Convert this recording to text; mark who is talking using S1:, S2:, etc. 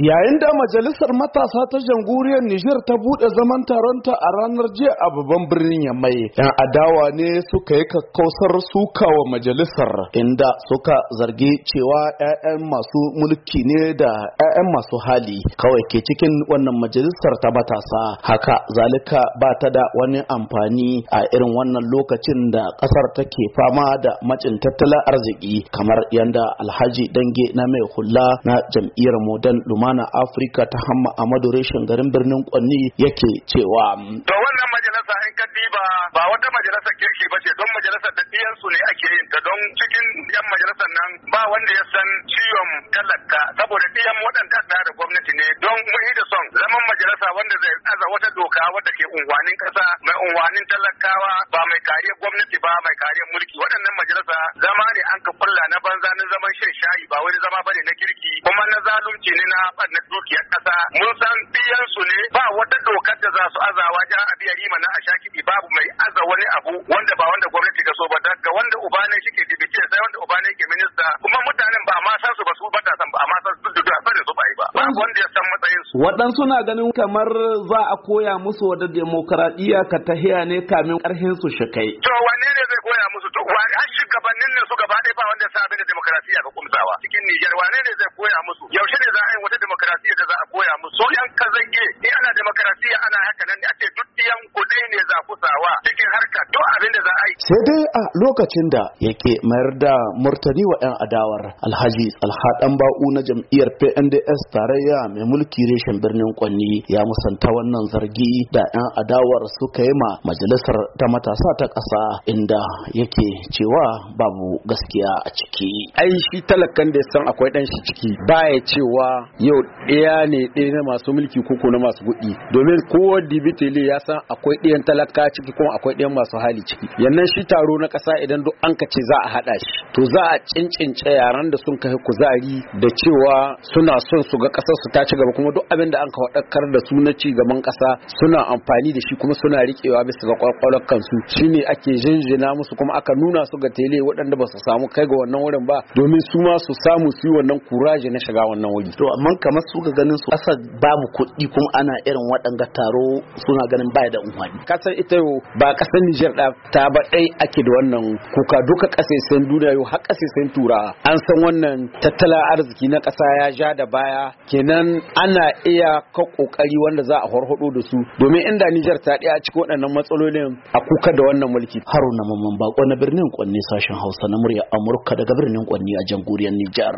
S1: yayin da majalisar matasa ta jamhuriyar Nijar ta bude zaman taronta a ranar jiya a babban birnin Yamai yan adawa ne suka yi kakkausar suka wa majalisar inda suka zargi cewa 'ya'yan masu mulki ne da 'ya'yan masu hali kawai ke cikin wannan majalisar ta matasa haka zalika ba ta da wani amfani a irin wannan lokacin da kasar take fama da macin tattalin arziki kamar yanda alhaji dange na mai hula na jam'iyyar modern luma amana Afirka ta Hamma a Reshen garin birnin Kwanni yake cewa. To wannan majalisa in ka diba ba wata majalisa kirki ba ce don majalisar da su ne ake yin ta don
S2: cikin yan majalisar nan ba wanda ya san ciwon talaka saboda ɗiyan waɗanda da gwamnati ne don mun da son zaman majalisa wanda zai aza wata doka wadda ke unwanin ƙasa mai unwanin talakawa ba mai kariyar gwamnati ba mai kariyar mulki waɗannan majalisa zama ne an ka kulla mun san biyan su ne ba wata dokar da za su azawa ja a biya rima na ashakidi babu mai aza wani abu wanda ba wanda gwamnati ka so ba Ga wanda uba ne shi ke dibice sai wanda uba ne ke minista kuma mutanen ba ma san su ba su ba ta san ba amma san su da sanin su ba ba
S3: wanda ya san matsayin su waɗansu na ganin kamar za a koya musu wadda demokaradiyya ka tahiya ne kamin ƙarhin su shi kai
S2: to wanne ne zai koya musu to har shugabannin ne su gaba ɗaya ba wanda ya sa abin da demokaradiyya ka kumsawa cikin Nijar wane ne zai koya musu yaushe koya musu yan kazanye in ana demokarasiya ana haka nan ne ake duk yan ne za
S1: ku sawa abin da za a yi sai dai a lokacin da yake mayar da murtani wa yan adawar alhaji alhadan ba'u na jam'iyyar PNDS tarayya mai mulki reshen birnin Kwanni ya musanta wannan zargi da yan adawar suka yi ma majalisar ta matasa ta ƙasa inda yake cewa babu gaskiya
S3: a ciki ai shi talakan da ya san akwai dan shi ciki ya cewa yau ɗaya ne ɗaya na masu mulki koko na masu kuɗi domin kowa dibitili ya san akwai ɗayan talaka ciki kuma akwai ɗayan masu hali ciki yannan shi taro na kasa idan duk an ce za a haɗa shi to za a cincince yaran da sun kai kuzari da cewa suna son su ga ƙasar su ta ci gaba kuma duk abin da an ka wadakar da su na ci gaban ƙasa suna amfani da shi kuma suna riƙewa bisa ga kwakwalwar kansu shine ake jinjina musu kuma aka nuna su ga tele waɗanda ba su samu kai ga wannan wurin ba domin su ma su samu su yi wannan kuraje na shiga wannan wuri to amma kamar su ga ganin su ƙasar babu kuɗi kuma ana irin waɗanga taro suna ganin baya da umarni. kasar ita ba kasar Nijar da ta ba baɗai ake da wannan kuka duka ƙasashen duniya yau har ƙasashen tura an san wannan tattala arziki na ƙasa ya ja da baya kenan ana iya ka ƙoƙari wanda za a harhaɗo da su domin inda Nijar ta ɗaya a cikin waɗannan matsalolin
S1: a kuka da wannan mulki. Haruna Mamman Bako na birnin Kwanne sashen Hausa na murya Amurka daga birnin Kwanne a jamhuriyar Nijar.